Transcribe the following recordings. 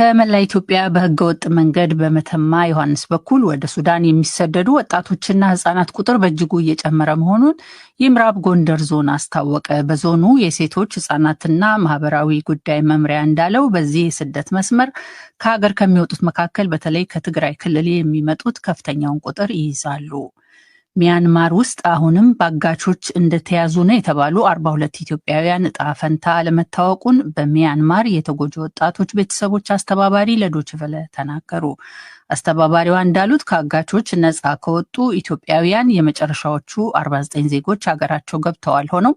ከመላ ኢትዮጵያ በህገ ወጥ መንገድ በመተማ ዮሐንስ በኩል ወደ ሱዳን የሚሰደዱ ወጣቶችና ህጻናት ቁጥር በእጅጉ እየጨመረ መሆኑን የምዕራብ ጎንደር ዞን አስታወቀ። በዞኑ የሴቶች ህጻናትና ማህበራዊ ጉዳይ መምሪያ እንዳለው በዚህ የስደት መስመር ከሀገር ከሚወጡት መካከል በተለይ ከትግራይ ክልል የሚመጡት ከፍተኛውን ቁጥር ይይዛሉ። ሚያንማር ውስጥ አሁንም በአጋቾች እንደተያዙ ነው የተባሉ 42 ኢትዮጵያውያን እጣ ፈንታ አለመታወቁን በሚያንማር የተጎጂ ወጣቶች ቤተሰቦች አስተባባሪ ለዶችቨለ ተናገሩ። አስተባባሪዋ እንዳሉት ከአጋቾች ነጻ ከወጡ ኢትዮጵያውያን የመጨረሻዎቹ 49 ዜጎች ሀገራቸው ገብተዋል። ሆነው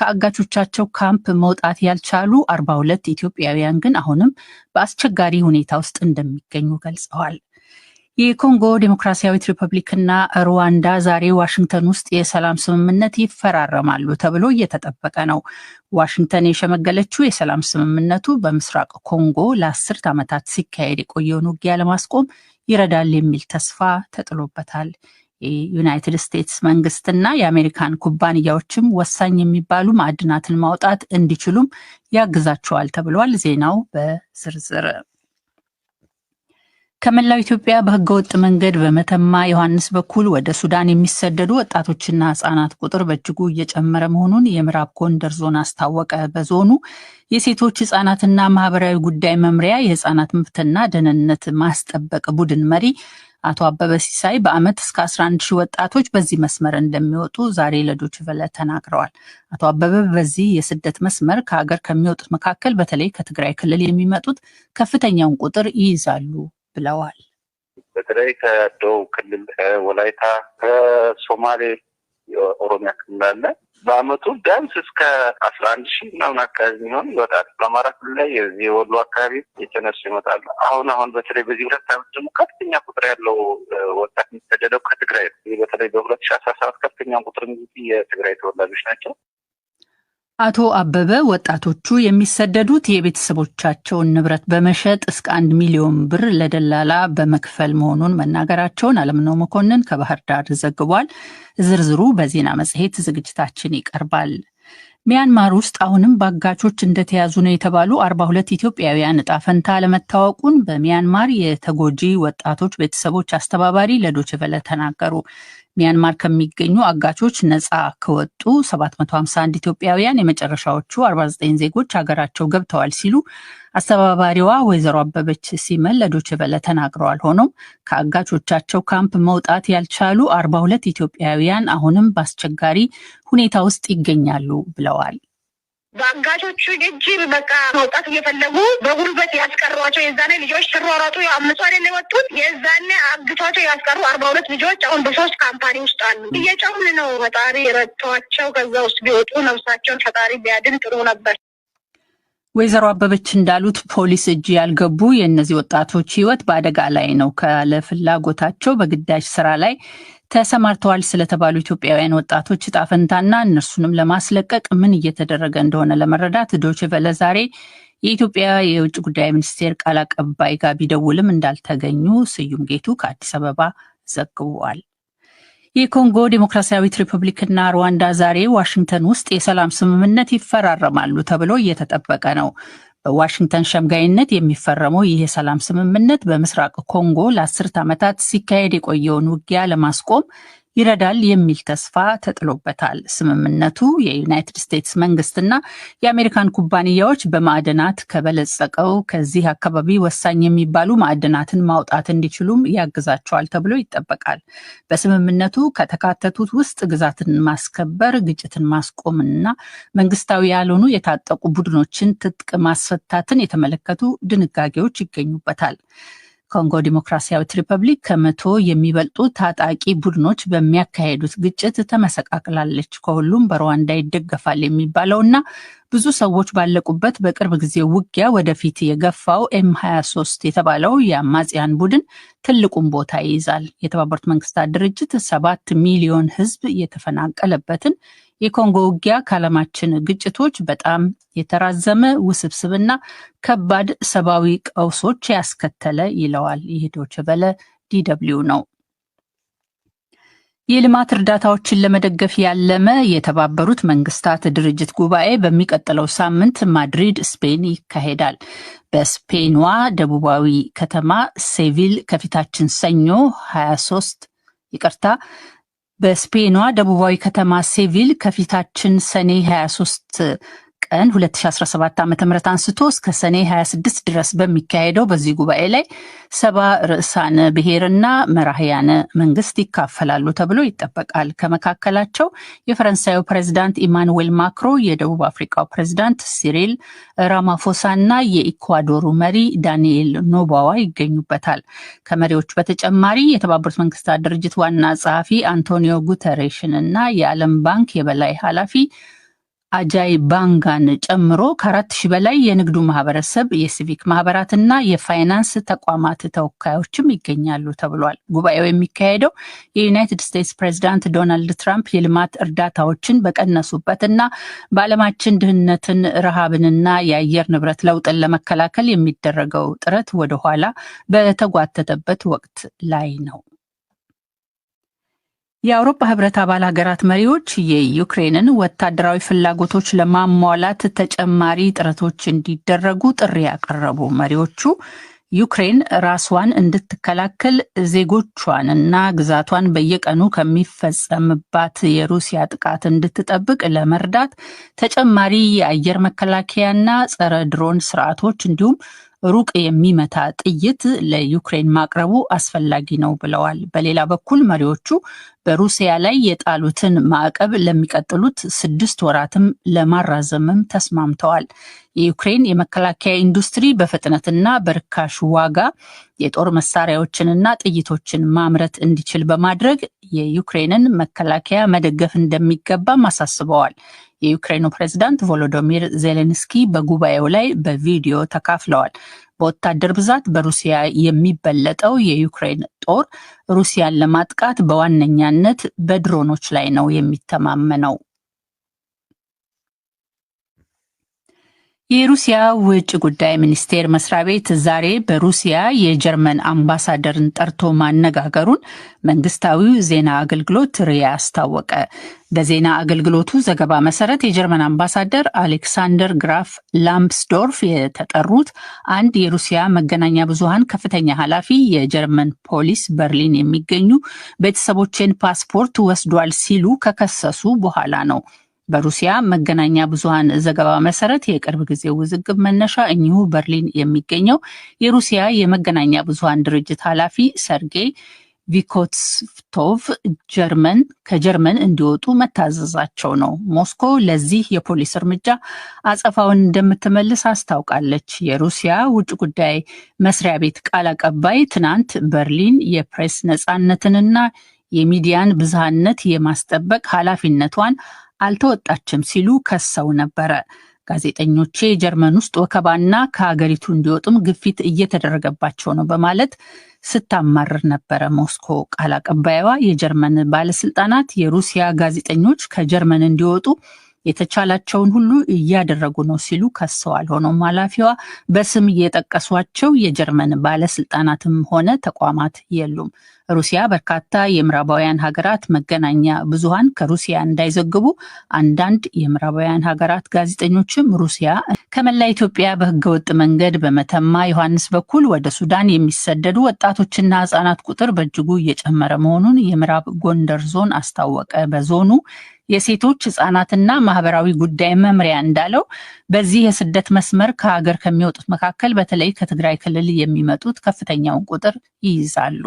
ከአጋቾቻቸው ካምፕ መውጣት ያልቻሉ 42 ኢትዮጵያውያን ግን አሁንም በአስቸጋሪ ሁኔታ ውስጥ እንደሚገኙ ገልጸዋል። የኮንጎ ዴሞክራሲያዊት ሪፐብሊክና ሩዋንዳ ዛሬ ዋሽንግተን ውስጥ የሰላም ስምምነት ይፈራረማሉ ተብሎ እየተጠበቀ ነው። ዋሽንግተን የሸመገለችው የሰላም ስምምነቱ በምስራቅ ኮንጎ ለአስርት ዓመታት ሲካሄድ የቆየውን ውጊያ ለማስቆም ይረዳል የሚል ተስፋ ተጥሎበታል። የዩናይትድ ስቴትስ መንግስትና የአሜሪካን ኩባንያዎችም ወሳኝ የሚባሉ ማዕድናትን ማውጣት እንዲችሉም ያግዛቸዋል ተብሏል። ዜናው በዝርዝር ከመላው ኢትዮጵያ በህገወጥ መንገድ በመተማ ዮሐንስ በኩል ወደ ሱዳን የሚሰደዱ ወጣቶችና ህጻናት ቁጥር በእጅጉ እየጨመረ መሆኑን የምዕራብ ጎንደር ዞን አስታወቀ። በዞኑ የሴቶች ህጻናትና ማህበራዊ ጉዳይ መምሪያ የህጻናት መብትና ደህንነት ማስጠበቅ ቡድን መሪ አቶ አበበ ሲሳይ በአመት እስከ 11 ሺህ ወጣቶች በዚህ መስመር እንደሚወጡ ዛሬ ለዶች ቨለ ተናግረዋል። አቶ አበበ በዚህ የስደት መስመር ከሀገር ከሚወጡት መካከል በተለይ ከትግራይ ክልል የሚመጡት ከፍተኛውን ቁጥር ይይዛሉ ብለዋል። በተለይ ከደቡብ ክልል ከወላይታ፣ ከሶማሌ የኦሮሚያ ክልል አለ። በአመቱ ቢያንስ እስከ አስራ አንድ ሺህ ምናምን አካባቢ የሚሆን ይወጣል። በአማራ ክልል ላይ የዚህ የወሎ አካባቢ የተነሱ ይመጣሉ። አሁን አሁን በተለይ በዚህ ሁለት አመት ደግሞ ከፍተኛ ቁጥር ያለው ወጣት የሚሰደደው ከትግራይ ነው። በተለይ በሁለት ሺህ አስራ ሰባት ከፍተኛ ቁጥር የትግራይ ተወላጆች ናቸው። አቶ አበበ ወጣቶቹ የሚሰደዱት የቤተሰቦቻቸውን ንብረት በመሸጥ እስከ አንድ ሚሊዮን ብር ለደላላ በመክፈል መሆኑን መናገራቸውን አለምነው መኮንን ከባህር ዳር ዘግቧል። ዝርዝሩ በዜና መጽሔት ዝግጅታችን ይቀርባል። ሚያንማር ውስጥ አሁንም በአጋቾች እንደተያዙ ነው የተባሉ አርባ ሁለት ኢትዮጵያውያን እጣ ፈንታ አለመታወቁን በሚያንማር የተጎጂ ወጣቶች ቤተሰቦች አስተባባሪ ለዶችቨለ ተናገሩ። ሚያንማር ከሚገኙ አጋቾች ነፃ ከወጡ 751 ኢትዮጵያውያን የመጨረሻዎቹ 49 ዜጎች ሀገራቸው ገብተዋል ሲሉ አስተባባሪዋ ወይዘሮ አበበች ሲመል ለዶች በለ ተናግረዋል። ሆኖም ከአጋቾቻቸው ካምፕ መውጣት ያልቻሉ 42 ኢትዮጵያውያን አሁንም በአስቸጋሪ ሁኔታ ውስጥ ይገኛሉ ብለዋል። በአጋቾቹን እጅ በቃ መውጣት እየፈለጉ በጉልበት ያስቀሯቸው የዛኔ ልጆች ስሯሯጡ አምሶ አይደል የወጡት የዛኔ አግቷቸው ያስቀሩ አርባ ሁለት ልጆች አሁን በሶስት ካምፓኒ ውስጥ አሉ። እየጨውን ነው። ፈጣሪ ረድቷቸው ከዛ ውስጥ ቢወጡ ነብሳቸውን ፈጣሪ ቢያድን ጥሩ ነበር። ወይዘሮ አበበች እንዳሉት ፖሊስ እጅ ያልገቡ የእነዚህ ወጣቶች ህይወት በአደጋ ላይ ነው። ካለፍላጎታቸው በግዳጅ ስራ ላይ ተሰማርተዋል ስለተባሉ ኢትዮጵያውያን ወጣቶች ዕጣ ፈንታና እነርሱንም ለማስለቀቅ ምን እየተደረገ እንደሆነ ለመረዳት ዶች ቬለ ዛሬ የኢትዮጵያ የውጭ ጉዳይ ሚኒስቴር ቃል አቀባይ ጋር ቢደውልም እንዳልተገኙ ስዩም ጌቱ ከአዲስ አበባ ዘግቧል። የኮንጎ ዴሞክራሲያዊት ሪፐብሊክና ሩዋንዳ ዛሬ ዋሽንግተን ውስጥ የሰላም ስምምነት ይፈራረማሉ ተብሎ እየተጠበቀ ነው። ዋሽንግተን ሸምጋይነት የሚፈረመው ይህ የሰላም ስምምነት በምስራቅ ኮንጎ ለአስርት ዓመታት ሲካሄድ የቆየውን ውጊያ ለማስቆም ይረዳል የሚል ተስፋ ተጥሎበታል። ስምምነቱ የዩናይትድ ስቴትስ መንግስትና የአሜሪካን ኩባንያዎች በማዕድናት ከበለጸቀው ከዚህ አካባቢ ወሳኝ የሚባሉ ማዕድናትን ማውጣት እንዲችሉም ያግዛቸዋል ተብሎ ይጠበቃል። በስምምነቱ ከተካተቱት ውስጥ ግዛትን ማስከበር፣ ግጭትን ማስቆምና መንግስታዊ ያልሆኑ የታጠቁ ቡድኖችን ትጥቅ ማስፈታትን የተመለከቱ ድንጋጌዎች ይገኙበታል። ኮንጎ ዲሞክራሲያዊት ሪፐብሊክ ከመቶ የሚበልጡ ታጣቂ ቡድኖች በሚያካሄዱት ግጭት ተመሰቃቅላለች። ከሁሉም በሩዋንዳ ይደገፋል የሚባለው እና ብዙ ሰዎች ባለቁበት በቅርብ ጊዜ ውጊያ ወደፊት የገፋው ኤም 23 የተባለው የአማጽያን ቡድን ትልቁን ቦታ ይይዛል። የተባበሩት መንግስታት ድርጅት ሰባት ሚሊዮን ህዝብ የተፈናቀለበትን የኮንጎ ውጊያ ከዓለማችን ግጭቶች በጣም የተራዘመ ውስብስብና ከባድ ሰብአዊ ቀውሶች ያስከተለ ይለዋል። ይህ ዶይቼ ቬለ ነው። የልማት እርዳታዎችን ለመደገፍ ያለመ የተባበሩት መንግስታት ድርጅት ጉባኤ በሚቀጥለው ሳምንት ማድሪድ ስፔን ይካሄዳል። በስፔንዋ ደቡባዊ ከተማ ሴቪል ከፊታችን ሰኞ 23 ይቅርታ በስፔኗ ደቡባዊ ከተማ ሴቪል ከፊታችን ሰኔ 23 ቀን 2017 ዓ ም አንስቶ እስከ ሰኔ 26 ድረስ በሚካሄደው በዚህ ጉባኤ ላይ ሰባ ርዕሳነ ብሔርና መራህያነ መንግስት ይካፈላሉ ተብሎ ይጠበቃል። ከመካከላቸው የፈረንሳዩ ፕሬዚዳንት ኢማኑዌል ማክሮ፣ የደቡብ አፍሪካው ፕሬዚዳንት ሲሪል ራማፎሳ እና የኢኳዶሩ መሪ ዳንኤል ኖባዋ ይገኙበታል። ከመሪዎቹ በተጨማሪ የተባበሩት መንግስታት ድርጅት ዋና ጸሐፊ አንቶኒዮ ጉተሬሽን እና የዓለም ባንክ የበላይ ኃላፊ አጃይ ባንጋን ጨምሮ ከአራት ሺህ በላይ የንግዱ ማህበረሰብ የሲቪክ ማህበራትና የፋይናንስ ተቋማት ተወካዮችም ይገኛሉ ተብሏል። ጉባኤው የሚካሄደው የዩናይትድ ስቴትስ ፕሬዚዳንት ዶናልድ ትራምፕ የልማት እርዳታዎችን በቀነሱበት እና በዓለማችን ድህነትን፣ ረሃብንና የአየር ንብረት ለውጥን ለመከላከል የሚደረገው ጥረት ወደኋላ በተጓተተበት ወቅት ላይ ነው። የአውሮፓ ህብረት አባል ሀገራት መሪዎች የዩክሬንን ወታደራዊ ፍላጎቶች ለማሟላት ተጨማሪ ጥረቶች እንዲደረጉ ጥሪ ያቀረቡ መሪዎቹ ዩክሬን ራስዋን እንድትከላከል ዜጎቿን እና ግዛቷን በየቀኑ ከሚፈጸምባት የሩሲያ ጥቃት እንድትጠብቅ ለመርዳት ተጨማሪ የአየር መከላከያና ጸረ ድሮን ስርዓቶች እንዲሁም ሩቅ የሚመታ ጥይት ለዩክሬን ማቅረቡ አስፈላጊ ነው ብለዋል። በሌላ በኩል መሪዎቹ በሩሲያ ላይ የጣሉትን ማዕቀብ ለሚቀጥሉት ስድስት ወራትም ለማራዘምም ተስማምተዋል። የዩክሬን የመከላከያ ኢንዱስትሪ በፍጥነትና በርካሽ ዋጋ የጦር መሳሪያዎችንና ጥይቶችን ማምረት እንዲችል በማድረግ የዩክሬንን መከላከያ መደገፍ እንደሚገባም አሳስበዋል። የዩክሬኑ ፕሬዝዳንት ቮሎዶሚር ዜሌንስኪ በጉባኤው ላይ በቪዲዮ ተካፍለዋል። በወታደር ብዛት በሩሲያ የሚበለጠው የዩክሬን ጦር ሩሲያን ለማጥቃት በዋነኛነት በድሮኖች ላይ ነው የሚተማመነው። የሩሲያ ውጭ ጉዳይ ሚኒስቴር መስሪያ ቤት ዛሬ በሩሲያ የጀርመን አምባሳደርን ጠርቶ ማነጋገሩን መንግስታዊው ዜና አገልግሎት ሪያ አስታወቀ። በዜና አገልግሎቱ ዘገባ መሰረት የጀርመን አምባሳደር አሌክሳንደር ግራፍ ላምፕስዶርፍ የተጠሩት አንድ የሩሲያ መገናኛ ብዙሃን ከፍተኛ ኃላፊ የጀርመን ፖሊስ በርሊን የሚገኙ ቤተሰቦቼን ፓስፖርት ወስዷል ሲሉ ከከሰሱ በኋላ ነው። በሩሲያ መገናኛ ብዙሃን ዘገባ መሰረት የቅርብ ጊዜ ውዝግብ መነሻ እኚሁ በርሊን የሚገኘው የሩሲያ የመገናኛ ብዙሃን ድርጅት ኃላፊ ሰርጌይ ቪኮትስቶቭ ጀርመን ከጀርመን እንዲወጡ መታዘዛቸው ነው። ሞስኮ ለዚህ የፖሊስ እርምጃ አጸፋውን እንደምትመልስ አስታውቃለች። የሩሲያ ውጭ ጉዳይ መስሪያ ቤት ቃል አቀባይ ትናንት በርሊን የፕሬስ ነፃነትንና የሚዲያን ብዝሃነት የማስጠበቅ ኃላፊነቷን አልተወጣችም ሲሉ ከሰው ነበረ። ጋዜጠኞቼ ጀርመን ውስጥ ወከባና ከሀገሪቱ እንዲወጡም ግፊት እየተደረገባቸው ነው በማለት ስታማርር ነበረ ሞስኮ። ቃል አቀባይዋ የጀርመን ባለስልጣናት የሩሲያ ጋዜጠኞች ከጀርመን እንዲወጡ የተቻላቸውን ሁሉ እያደረጉ ነው ሲሉ ከሰዋል። ሆኖም ኃላፊዋ በስም የጠቀሷቸው የጀርመን ባለስልጣናትም ሆነ ተቋማት የሉም። ሩሲያ በርካታ የምዕራባውያን ሀገራት መገናኛ ብዙሃን ከሩሲያ እንዳይዘግቡ አንዳንድ የምዕራባውያን ሀገራት ጋዜጠኞችም ሩሲያ ከመላ ኢትዮጵያ በህገወጥ መንገድ በመተማ ዮሐንስ በኩል ወደ ሱዳን የሚሰደዱ ወጣቶችና ህጻናት ቁጥር በእጅጉ እየጨመረ መሆኑን የምዕራብ ጎንደር ዞን አስታወቀ። በዞኑ የሴቶች ህጻናትና ማህበራዊ ጉዳይ መምሪያ እንዳለው በዚህ የስደት መስመር ከሀገር ከሚወጡት መካከል በተለይ ከትግራይ ክልል የሚመጡት ከፍተኛውን ቁጥር ይይዛሉ።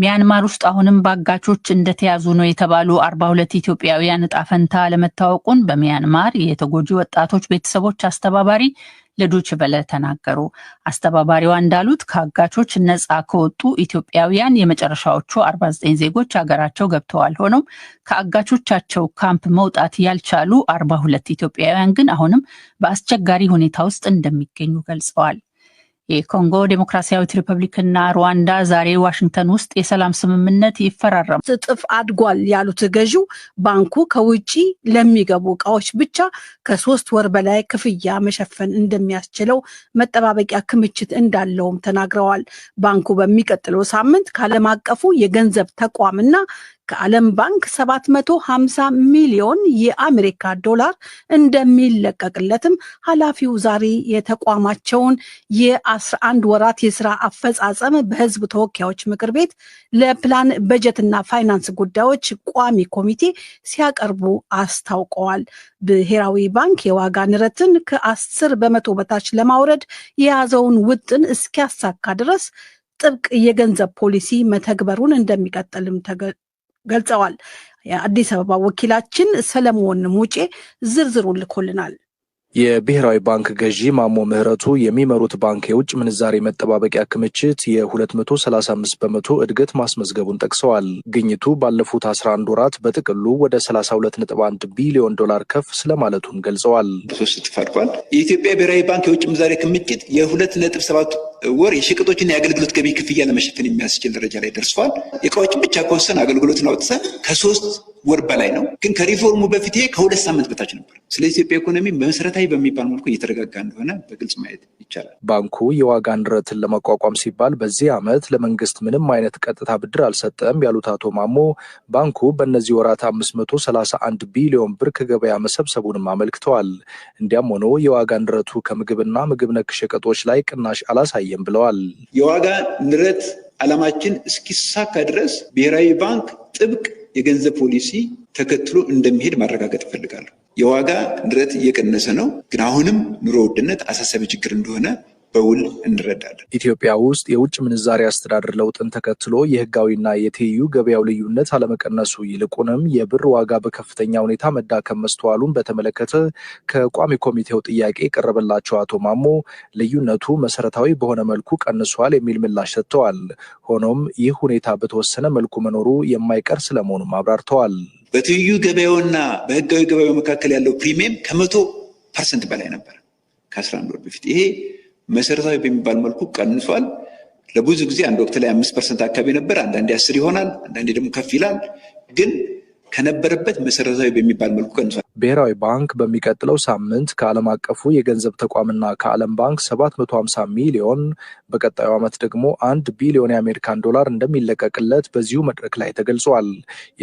ሚያንማር ውስጥ አሁንም በአጋቾች እንደተያዙ ነው የተባሉ አርባ ሁለት ኢትዮጵያውያን እጣ ፈንታ በሚያንማር የተጎጂ ወጣቶች ቤተሰቦች አስተባባሪ ለዶች በለ ተናገሩ። አስተባባሪዋ እንዳሉት ከአጋቾች ነፃ ከወጡ ኢትዮጵያውያን የመጨረሻዎቹ 49 ዜጎች ሀገራቸው ገብተዋል። ሆኖም ከአጋቾቻቸው ካምፕ መውጣት ያልቻሉ 42 ኢትዮጵያውያን ግን አሁንም በአስቸጋሪ ሁኔታ ውስጥ እንደሚገኙ ገልጸዋል። የኮንጎ ዴሞክራሲያዊት ሪፐብሊክና ሩዋንዳ ዛሬ ዋሽንግተን ውስጥ የሰላም ስምምነት ይፈራረሙ። እጥፍ አድጓል ያሉት ገዢው ባንኩ ከውጪ ለሚገቡ እቃዎች ብቻ ከሶስት ወር በላይ ክፍያ መሸፈን እንደሚያስችለው መጠባበቂያ ክምችት እንዳለውም ተናግረዋል። ባንኩ በሚቀጥለው ሳምንት ከዓለም አቀፉ የገንዘብ ተቋምና ከዓለም ባንክ 750 ሚሊዮን የአሜሪካ ዶላር እንደሚለቀቅለትም ኃላፊው ዛሬ የተቋማቸውን የ11 ወራት የስራ አፈጻጸም በህዝብ ተወካዮች ምክር ቤት ለፕላን በጀትና ፋይናንስ ጉዳዮች ቋሚ ኮሚቴ ሲያቀርቡ አስታውቀዋል። ብሔራዊ ባንክ የዋጋ ንረትን ከ10 በመቶ በታች ለማውረድ የያዘውን ውጥን እስኪያሳካ ድረስ ጥብቅ የገንዘብ ፖሊሲ መተግበሩን እንደሚቀጥልም ገልጸዋል። የአዲስ አበባ ወኪላችን ሰለሞን ሙጬ ዝርዝሩ ልኮልናል። የብሔራዊ ባንክ ገዢ ማሞ ምህረቱ የሚመሩት ባንክ የውጭ ምንዛሬ መጠባበቂያ ክምችት የ235 በመቶ እድገት ማስመዝገቡን ጠቅሰዋል። ግኝቱ ባለፉት 11 ወራት በጥቅሉ ወደ 32.1 ቢሊዮን ዶላር ከፍ ስለማለቱን ገልጸዋል። ሶስት እጥፍ አድጓል። የኢትዮጵያ ብሔራዊ ባንክ የውጭ ምንዛሬ ክምችት የ2.7 ወር የሸቀጦችና የአገልግሎት ገቢ ክፍያ ለመሸፈን የሚያስችል ደረጃ ላይ ደርሷል። የእቃዎችን ብቻ ከወሰን አገልግሎትን አውጥተን ከሶስት ወር በላይ ነው። ግን ከሪፎርሙ በፊት ይሄ ከሁለት ሳምንት በታች ነበር። ስለ ኢትዮጵያ ኢኮኖሚ መሰረታዊ በሚባል መልኩ እየተረጋጋ እንደሆነ በግልጽ ማየት ይቻላል። ባንኩ የዋጋ ንረትን ለመቋቋም ሲባል በዚህ ዓመት ለመንግስት ምንም አይነት ቀጥታ ብድር አልሰጠም ያሉት አቶ ማሞ ባንኩ በእነዚህ ወራት 531 ቢሊዮን ብር ከገበያ መሰብሰቡንም አመልክተዋል። እንዲያም ሆኖ የዋጋ ንረቱ ከምግብና ምግብ ነክ ሸቀጦች ላይ ቅናሽ አላሳየም ብለዋል። የዋጋ ንረት ዓላማችን እስኪሳካ ድረስ ብሔራዊ ባንክ ጥብቅ የገንዘብ ፖሊሲ ተከትሎ እንደሚሄድ ማረጋገጥ እፈልጋለሁ። የዋጋ ንረት እየቀነሰ ነው፣ ግን አሁንም ኑሮ ውድነት አሳሳቢ ችግር እንደሆነ በውል እንረዳለን። ኢትዮጵያ ውስጥ የውጭ ምንዛሪ አስተዳደር ለውጥን ተከትሎ የህጋዊና የትይዩ ገበያው ልዩነት አለመቀነሱ ይልቁንም የብር ዋጋ በከፍተኛ ሁኔታ መዳከም መስተዋሉን በተመለከተ ከቋሚ ኮሚቴው ጥያቄ የቀረበላቸው አቶ ማሞ ልዩነቱ መሰረታዊ በሆነ መልኩ ቀንሷል የሚል ምላሽ ሰጥተዋል። ሆኖም ይህ ሁኔታ በተወሰነ መልኩ መኖሩ የማይቀር ስለመሆኑም አብራርተዋል። በትይዩ ገበያውና በህጋዊ ገበያው መካከል ያለው ፕሪሚየም ከመቶ ፐርሰንት በላይ ነበር ከአስራ አንድ ወር በፊት ይሄ መሰረታዊ በሚባል መልኩ ቀንሷል። ለብዙ ጊዜ አንድ ወቅት ላይ አምስት ፐርሰንት አካባቢ ነበር። አንዳንዴ አስር ይሆናል፣ አንዳንዴ ደግሞ ከፍ ይላል። ግን ከነበረበት መሰረታዊ በሚባል መልኩ ቀንሷል። ብሔራዊ ባንክ በሚቀጥለው ሳምንት ከዓለም አቀፉ የገንዘብ ተቋምና ከዓለም ባንክ 750 ሚሊዮን በቀጣዩ ዓመት ደግሞ አንድ ቢሊዮን የአሜሪካን ዶላር እንደሚለቀቅለት በዚሁ መድረክ ላይ ተገልጿል።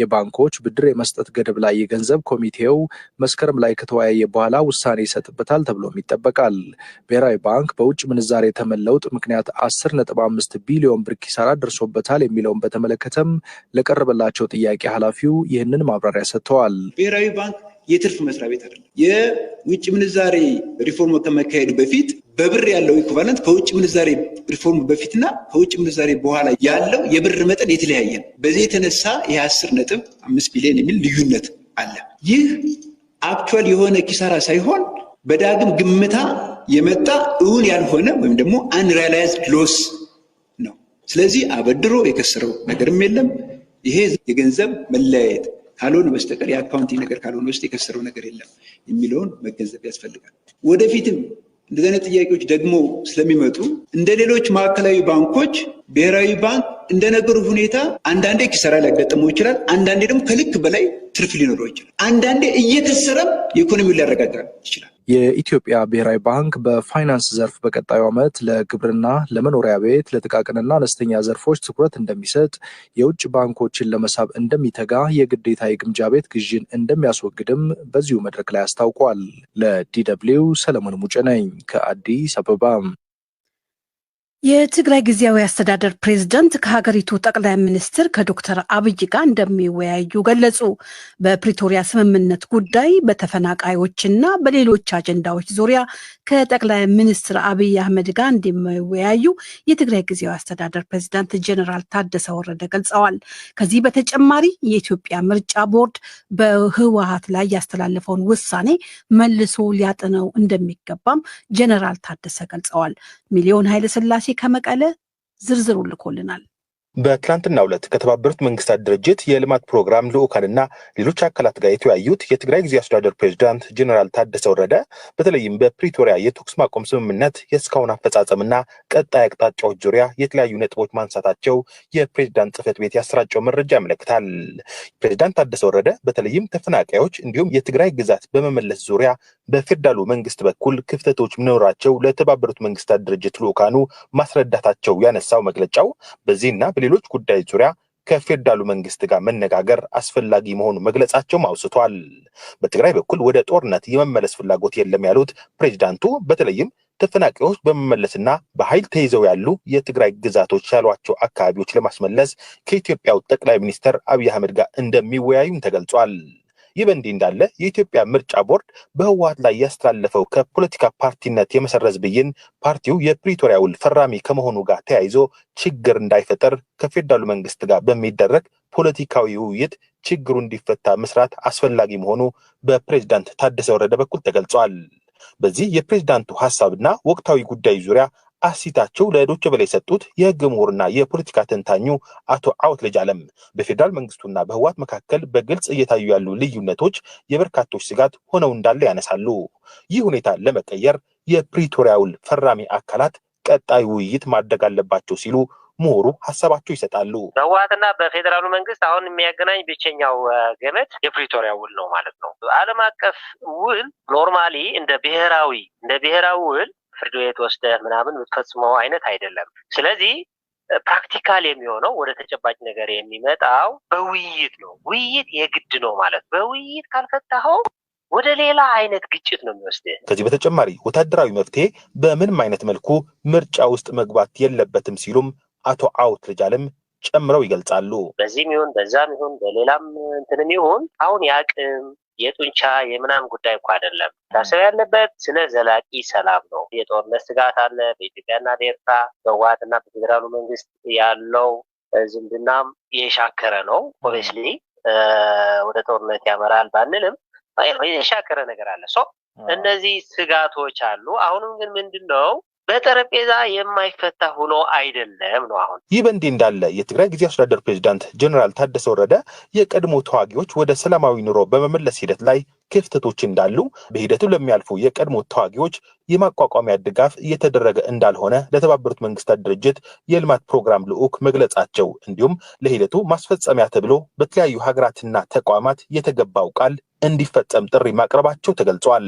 የባንኮች ብድር የመስጠት ገደብ ላይ የገንዘብ ኮሚቴው መስከረም ላይ ከተወያየ በኋላ ውሳኔ ይሰጥበታል ተብሎም ይጠበቃል። ብሔራዊ ባንክ በውጭ ምንዛሬ የተመለውጥ ምክንያት 10.5 ቢሊዮን ብር ኪሳራ ደርሶበታል የሚለውን በተመለከተም ለቀረበላቸው ጥያቄ ኃላፊው ይህንን ማብራሪያ ሰጥተዋል። ብሔራዊ ባንክ የትርፍ መስሪያ ቤት አይደለም። የውጭ ምንዛሬ ሪፎርም ከመካሄዱ በፊት በብር ያለው ኢኩቫለንት ከውጭ ምንዛሬ ሪፎርም በፊትና ከውጭ ምንዛሬ በኋላ ያለው የብር መጠን የተለያየ ነው። በዚህ የተነሳ የአስር ነጥብ አምስት ቢሊዮን የሚል ልዩነት አለ። ይህ አክቹዋል የሆነ ኪሳራ ሳይሆን በዳግም ግምታ የመጣ እውን ያልሆነ ወይም ደግሞ አንሪያላይዝድ ሎስ ነው። ስለዚህ አበድሮ የከሰረው ነገርም የለም። ይሄ የገንዘብ መለያየት ካልሆነ በስተቀር የአካውንቲንግ ነገር ካልሆነ ውስጥ የከሰረው ነገር የለም የሚለውን መገንዘብ ያስፈልጋል። ወደፊትም እንደዚህ አይነት ጥያቄዎች ደግሞ ስለሚመጡ እንደ ሌሎች ማዕከላዊ ባንኮች ብሔራዊ ባንክ እንደነገሩ ሁኔታ አንዳንዴ ኪሳራ ሊያጋጥመው ይችላል። አንዳንዴ ደግሞ ከልክ በላይ ትርፍ ሊኖረው ይችላል። አንዳንዴ እየተሰረም ኢኮኖሚውን ሊያረጋጋ ይችላል። የኢትዮጵያ ብሔራዊ ባንክ በፋይናንስ ዘርፍ በቀጣዩ ዓመት ለግብርና፣ ለመኖሪያ ቤት፣ ለጥቃቅንና አነስተኛ ዘርፎች ትኩረት እንደሚሰጥ፣ የውጭ ባንኮችን ለመሳብ እንደሚተጋ፣ የግዴታ የግምጃ ቤት ግዥን እንደሚያስወግድም በዚሁ መድረክ ላይ አስታውቋል። ለዲ ሰለሞን ሙጭ ነኝ ከአዲስ አበባ። የትግራይ ጊዜያዊ አስተዳደር ፕሬዝደንት ከሀገሪቱ ጠቅላይ ሚኒስትር ከዶክተር አብይ ጋር እንደሚወያዩ ገለጹ። በፕሪቶሪያ ስምምነት ጉዳይ፣ በተፈናቃዮችና በሌሎች አጀንዳዎች ዙሪያ ከጠቅላይ ሚኒስትር አብይ አህመድ ጋር እንደሚወያዩ የትግራይ ጊዜያዊ አስተዳደር ፕሬዝዳንት ጀኔራል ታደሰ ወረደ ገልጸዋል። ከዚህ በተጨማሪ የኢትዮጵያ ምርጫ ቦርድ በህወሀት ላይ ያስተላለፈውን ውሳኔ መልሶ ሊያጥነው እንደሚገባም ጀኔራል ታደሰ ገልጸዋል። ሚሊዮን ኃይለስላሴ ደሴ ከመቀለ ዝርዝሩ ልኮልናል። በትላንትና ዕለት ከተባበሩት መንግስታት ድርጅት የልማት ፕሮግራም ልዑካንና ሌሎች አካላት ጋር የተወያዩት የትግራይ ጊዜ አስተዳደር ፕሬዚዳንት ጀኔራል ታደሰ ወረደ በተለይም በፕሪቶሪያ የተኩስ ማቆም ስምምነት የእስካሁን አፈጻጸምና ቀጣይ አቅጣጫዎች ዙሪያ የተለያዩ ነጥቦች ማንሳታቸው የፕሬዚዳንት ጽህፈት ቤት ያሰራጨው መረጃ ያመለክታል። ፕሬዚዳንት ታደሰ ወረደ በተለይም ተፈናቃዮች እንዲሁም የትግራይ ግዛት በመመለስ ዙሪያ በፌዴራሉ መንግስት በኩል ክፍተቶች መኖራቸው ለተባበሩት መንግስታት ድርጅት ልዑካኑ ማስረዳታቸው ያነሳው መግለጫው በዚህና በሌሎች ጉዳዮች ዙሪያ ከፌዴራሉ መንግስት ጋር መነጋገር አስፈላጊ መሆኑ መግለጻቸውም አውስቷል። በትግራይ በኩል ወደ ጦርነት የመመለስ ፍላጎት የለም ያሉት ፕሬዚዳንቱ በተለይም ተፈናቃዮች በመመለስና በኃይል ተይዘው ያሉ የትግራይ ግዛቶች ያሏቸው አካባቢዎች ለማስመለስ ከኢትዮጵያው ጠቅላይ ሚኒስትር አብይ አህመድ ጋር እንደሚወያዩም ተገልጿል። ይህ በእንዲህ እንዳለ የኢትዮጵያ ምርጫ ቦርድ በህወሀት ላይ ያስተላለፈው ከፖለቲካ ፓርቲነት የመሰረዝ ብይን ፓርቲው የፕሪቶሪያ ውል ፈራሚ ከመሆኑ ጋር ተያይዞ ችግር እንዳይፈጠር ከፌዴራሉ መንግስት ጋር በሚደረግ ፖለቲካዊ ውይይት ችግሩ እንዲፈታ መስራት አስፈላጊ መሆኑ በፕሬዝዳንት ታደሰ ወረደ በኩል ተገልጿል። በዚህ የፕሬዝዳንቱ ሀሳብና ወቅታዊ ጉዳይ ዙሪያ አሲታቸው ለዶች በላይ የሰጡት የህግ ምሁርና የፖለቲካ ተንታኙ አቶ አወት ልጅ አለም በፌዴራል መንግስቱና በህዋት መካከል በግልጽ እየታዩ ያሉ ልዩነቶች የበርካቶች ስጋት ሆነው እንዳለ ያነሳሉ። ይህ ሁኔታ ለመቀየር የፕሪቶሪያ ውል ፈራሚ አካላት ቀጣይ ውይይት ማድረግ አለባቸው ሲሉ ምሁሩ ሀሳባቸው ይሰጣሉ። በህወሓትና በፌዴራሉ መንግስት አሁን የሚያገናኝ ብቸኛው ገመድ የፕሪቶሪያ ውል ነው ማለት ነው። ዓለም አቀፍ ውል ኖርማሊ እንደ ብሔራዊ እንደ ብሔራዊ ውል ፍርድ ቤት ወስደህ ምናምን የምትፈጽመው አይነት አይደለም። ስለዚህ ፕራክቲካል የሚሆነው ወደ ተጨባጭ ነገር የሚመጣው በውይይት ነው። ውይይት የግድ ነው ማለት በውይይት ካልፈታኸው ወደ ሌላ አይነት ግጭት ነው የሚወስድ። ከዚህ በተጨማሪ ወታደራዊ መፍትሄ በምንም አይነት መልኩ ምርጫ ውስጥ መግባት የለበትም ሲሉም አቶ አውት ልጃለም ጨምረው ይገልጻሉ። በዚህም ይሁን በዛም ይሁን በሌላም እንትንም ይሁን አሁን የአቅም የጡንቻ የምናምን ጉዳይ እንኳ አይደለም። ታሰብ ያለበት ስነ ዘላቂ ሰላም ነው። የጦርነት ስጋት አለ በኢትዮጵያና በኤርትራ በህወሓትና በፌዴራሉ መንግስት ያለው ዝምድናም የሻከረ ነው። ኦብቪየስሊ ወደ ጦርነት ያመራል ባንልም የሻከረ ነገር አለ። እነዚህ ስጋቶች አሉ። አሁንም ግን ምንድን ነው በጠረጴዛ የማይፈታ ሆኖ አይደለም ነው። አሁን ይህ በእንዲህ እንዳለ የትግራይ ጊዜ አስተዳደር ፕሬዚዳንት ጀኔራል ታደሰ ወረደ የቀድሞ ተዋጊዎች ወደ ሰላማዊ ኑሮ በመመለስ ሂደት ላይ ክፍተቶች እንዳሉ በሂደቱ ለሚያልፉ የቀድሞ ተዋጊዎች የማቋቋሚያ ድጋፍ እየተደረገ እንዳልሆነ ለተባበሩት መንግስታት ድርጅት የልማት ፕሮግራም ልዑክ መግለጻቸው እንዲሁም ለሂደቱ ማስፈጸሚያ ተብሎ በተለያዩ ሀገራትና ተቋማት የተገባው ቃል እንዲፈጸም ጥሪ ማቅረባቸው ተገልጿል።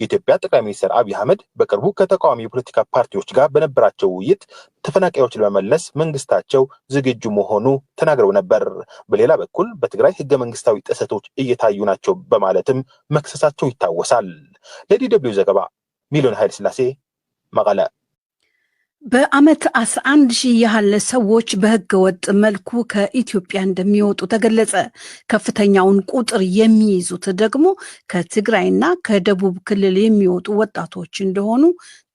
የኢትዮጵያ ጠቅላይ ሚኒስትር አብይ አህመድ በቅርቡ ከተቃዋሚ የፖለቲካ ፓርቲዎች ጋር በነበራቸው ውይይት ተፈናቃዮች ለመመለስ መንግስታቸው ዝግጁ መሆኑ ተናግረው ነበር። በሌላ በኩል በትግራይ ህገ መንግስታዊ ጥሰቶች እየታዩ ናቸው በማለትም መክሰሳቸው ይታወሳል። ለዲ ዘገባ ሚሊዮን ኃይለ ሥላሴ መቀለ። በአመት 11 ሺህ ያህል ሰዎች በህገ ወጥ መልኩ ከኢትዮጵያ እንደሚወጡ ተገለጸ። ከፍተኛውን ቁጥር የሚይዙት ደግሞ ከትግራይና ከደቡብ ክልል የሚወጡ ወጣቶች እንደሆኑ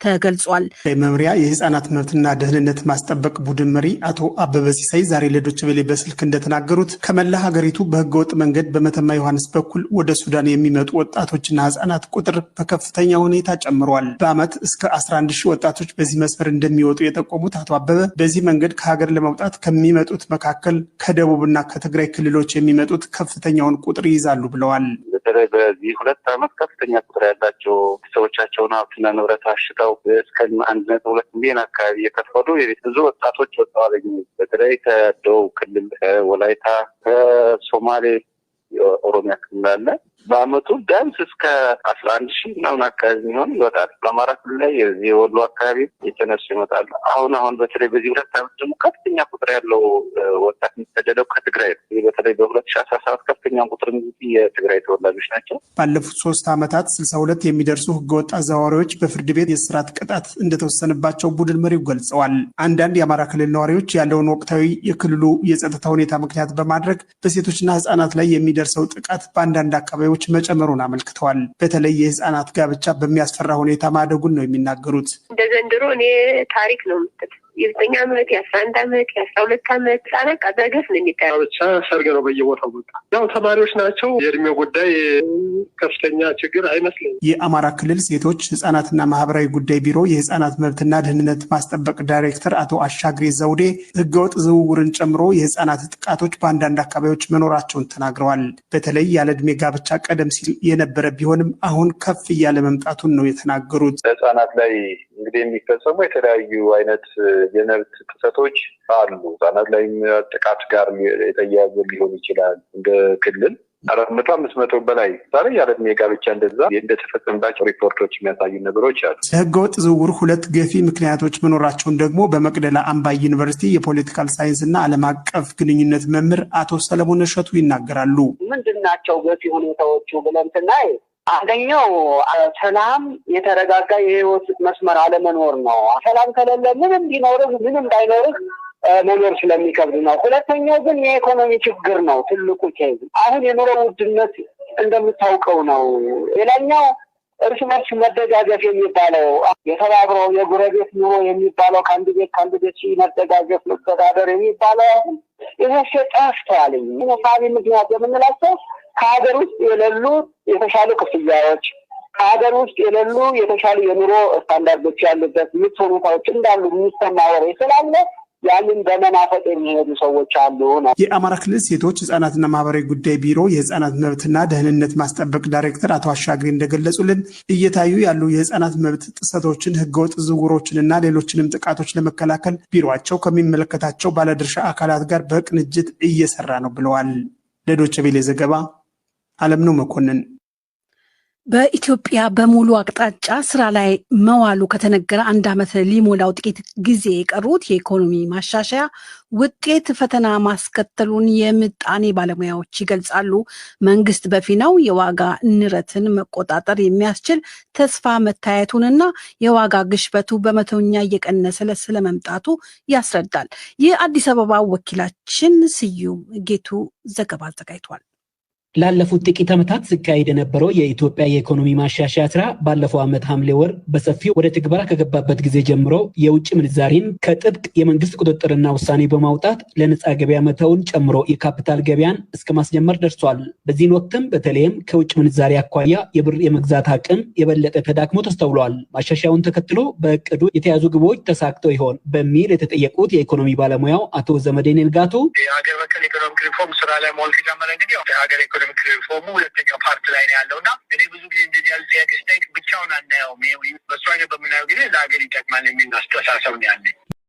ተገልጿል። መምሪያ የህፃናት መብትና ደህንነት ማስጠበቅ ቡድን መሪ አቶ አበበ ሲሳይ ዛሬ ለዶይቼ ቬለ በስልክ እንደተናገሩት ከመላ ሀገሪቱ በህገወጥ መንገድ በመተማ ዮሐንስ በኩል ወደ ሱዳን የሚመጡ ወጣቶችና ህጻናት ቁጥር በከፍተኛ ሁኔታ ጨምሯል። በአመት እስከ 11 ሺህ ወጣቶች በዚህ መስመር እንደሚወጡ የጠቆሙት አቶ አበበ በዚህ መንገድ ከሀገር ለመውጣት ከሚመጡት መካከል ከደቡብና ከትግራይ ክልሎች የሚመጡት ከፍተኛውን ቁጥር ይይዛሉ ብለዋል። በተለይ በዚህ ሁለት አመት ከፍተኛ ቁጥር ያላቸው ሰዎቻቸውን ሀብትና ንብረት አሽጠው ያው እስከ አንድ ነጥብ ሁለት ሚሊዮን አካባቢ እየከፈሉ ብዙ ወጣቶች ወጥተዋል። በተለይ ከደቡብ ክልል፣ ወላይታ፣ ከሶማሌ የኦሮሚያ ክልል አለ። በአመቱ ቢያንስ እስከ አስራ አንድ ሺህ ምናምን አካባቢ የሚሆን ይወጣል። በአማራ ክልል ላይ የዚህ የወሎ አካባቢ የተነሱ ይመጣሉ። አሁን አሁን በተለይ በዚህ ሁለት አመት ደግሞ ከፍተኛ ቁጥር ያለው ወጣት የሚሰደደው ከትግራይ ነው። በተለይ በሁለት ሺህ አስራ ሰባት አብዛኛውን ቁጥር የትግራይ ተወላጆች ናቸው። ባለፉት ሶስት ዓመታት ስልሳ ሁለት የሚደርሱ ህገወጥ አዘዋዋሪዎች በፍርድ ቤት የስርዓት ቅጣት እንደተወሰነባቸው ቡድን መሪው ገልጸዋል። አንዳንድ የአማራ ክልል ነዋሪዎች ያለውን ወቅታዊ የክልሉ የጸጥታ ሁኔታ ምክንያት በማድረግ በሴቶችና ህጻናት ላይ የሚደርሰው ጥቃት በአንዳንድ አካባቢዎች መጨመሩን አመልክተዋል። በተለይ የህጻናት ጋብቻ በሚያስፈራ ሁኔታ ማደጉን ነው የሚናገሩት። እንደ ዘንድሮ እኔ ታሪክ ነው ምትል የዘጠኝ አመት የአስራ አንድ አመት የአስራ ሁለት አመት በቃ በገፍ ነው የሚታየው። ብቻ ሰርግ ነው በየቦታው በቃ ያው ተማሪዎች ናቸው። የእድሜው ጉዳይ ከፍተኛ ችግር አይመስለኝም። የአማራ ክልል ሴቶች ህጻናትና ማህበራዊ ጉዳይ ቢሮ የህጻናት መብትና ደህንነት ማስጠበቅ ዳይሬክተር አቶ አሻግሬ ዘውዴ ህገወጥ ዝውውርን ጨምሮ የህጻናት ጥቃቶች በአንዳንድ አካባቢዎች መኖራቸውን ተናግረዋል። በተለይ ያለ እድሜ ጋብቻ ቀደም ሲል የነበረ ቢሆንም አሁን ከፍ እያለ መምጣቱን ነው የተናገሩት። ህጻናት ላይ እንግዲህ የሚፈጸሙ የተለያዩ አይነት የመብት ጥሰቶች አሉ። ህጻናት ላይ ጥቃት ጋር የተያያዘ ሊሆን ይችላል። እንደ ክልል አራት መቶ አምስት መቶ በላይ ዛሬ ያለ ዕድሜ ጋብቻ እንደዛ እንደተፈጸመባቸው ሪፖርቶች የሚያሳዩ ነገሮች አሉ። ወጥ ዝውውር ሁለት ገፊ ምክንያቶች መኖራቸውን ደግሞ በመቅደላ አምባ ዩኒቨርሲቲ የፖለቲካል ሳይንስ እና ዓለም አቀፍ ግንኙነት መምህር አቶ ሰለሞን እሸቱ ይናገራሉ። ምንድን ናቸው ገፊ ሁኔታዎቹ ብለን ስናይ አንደኛው ሰላም የተረጋጋ የህይወት መስመር አለመኖር ነው። ሰላም ከሌለ ምንም ቢኖርህ ምንም ባይኖርህ መኖር ስለሚከብድ ነው። ሁለተኛው ግን የኢኮኖሚ ችግር ነው ትልቁ ኬዝ። አሁን የኑሮ ውድነት እንደምታውቀው ነው። ሌላኛው እርስ በርስ መደጋገፍ የሚባለው የተባብሮ የጉረቤት ኑሮ የሚባለው ከአንድ ቤት ከአንድ ቤት መደጋገፍ፣ መተዳደር የሚባለው አሁን ይህ ጠፍቷል። ሳቢ ምክንያት የምንላቸው ከሀገር ውስጥ የሌሉ የተሻሉ ክፍያዎች፣ ከሀገር ውስጥ የሌሉ የተሻሉ የኑሮ ስታንዳርዶች ያሉበት ምቹ ሁኔታዎች እንዳሉ የሚሰማ ወሬ ስላለ ያንን በመናፈቅ የሚሄዱ ሰዎች አሉ ነው። የአማራ ክልል ሴቶች ህጻናትና ማህበራዊ ጉዳይ ቢሮ የህጻናት መብትና ደህንነት ማስጠበቅ ዳይሬክተር አቶ አሻግሬ እንደገለጹልን እየታዩ ያሉ የህጻናት መብት ጥሰቶችን፣ ህገወጥ ዝውውሮችንና ሌሎችንም ጥቃቶች ለመከላከል ቢሮቸው ከሚመለከታቸው ባለድርሻ አካላት ጋር በቅንጅት እየሰራ ነው ብለዋል። ለዶቸቤሌ ዘገባ አለምነው መኮንን በኢትዮጵያ በሙሉ አቅጣጫ ስራ ላይ መዋሉ ከተነገረ አንድ ዓመት ሊሞላው ጥቂት ጊዜ የቀሩት የኢኮኖሚ ማሻሻያ ውጤት ፈተና ማስከተሉን የምጣኔ ባለሙያዎች ይገልጻሉ። መንግስት በፊናው የዋጋ ንረትን መቆጣጠር የሚያስችል ተስፋ መታየቱንና የዋጋ ግሽበቱ በመቶኛ እየቀነሰ ስለመምጣቱ ያስረዳል። የአዲስ አበባ ወኪላችን ስዩም ጌቱ ዘገባ አዘጋጅቷል። ላለፉት ጥቂት ዓመታት ሲካሄድ የነበረው የኢትዮጵያ የኢኮኖሚ ማሻሻያ ስራ ባለፈው ዓመት ሐምሌ ወር በሰፊው ወደ ትግበራ ከገባበት ጊዜ ጀምሮ የውጭ ምንዛሪን ከጥብቅ የመንግስት ቁጥጥርና ውሳኔ በማውጣት ለነፃ ገበያ መተውን ጨምሮ የካፒታል ገበያን እስከ ማስጀመር ደርሷል። በዚህን ወቅትም በተለይም ከውጭ ምንዛሪ አኳያ የብር የመግዛት አቅም የበለጠ ተዳክሞ ተስተውሏል። ማሻሻያውን ተከትሎ በእቅዱ የተያዙ ግቦች ተሳክተው ይሆን በሚል የተጠየቁት የኢኮኖሚ ባለሙያው አቶ ዘመዴ ንጋቱ የሀገር በቀል ኢኮኖሚክ ሪፎርም ስራ ላይ መዋል ከጀመረ እንግዲህ ወደ ምክር ሪፎርሙ ሁለተኛው ፓርት ላይ ነው ያለው እና እኔ ብዙ ጊዜ እንደዚህ ያሉ ጥያቄ ስታይ ብቻውን አናየውም። በእሱ አይነት በምናየው ጊዜ ለሀገር ይጠቅማል የሚል አስተሳሰብ ነው ያለኝ።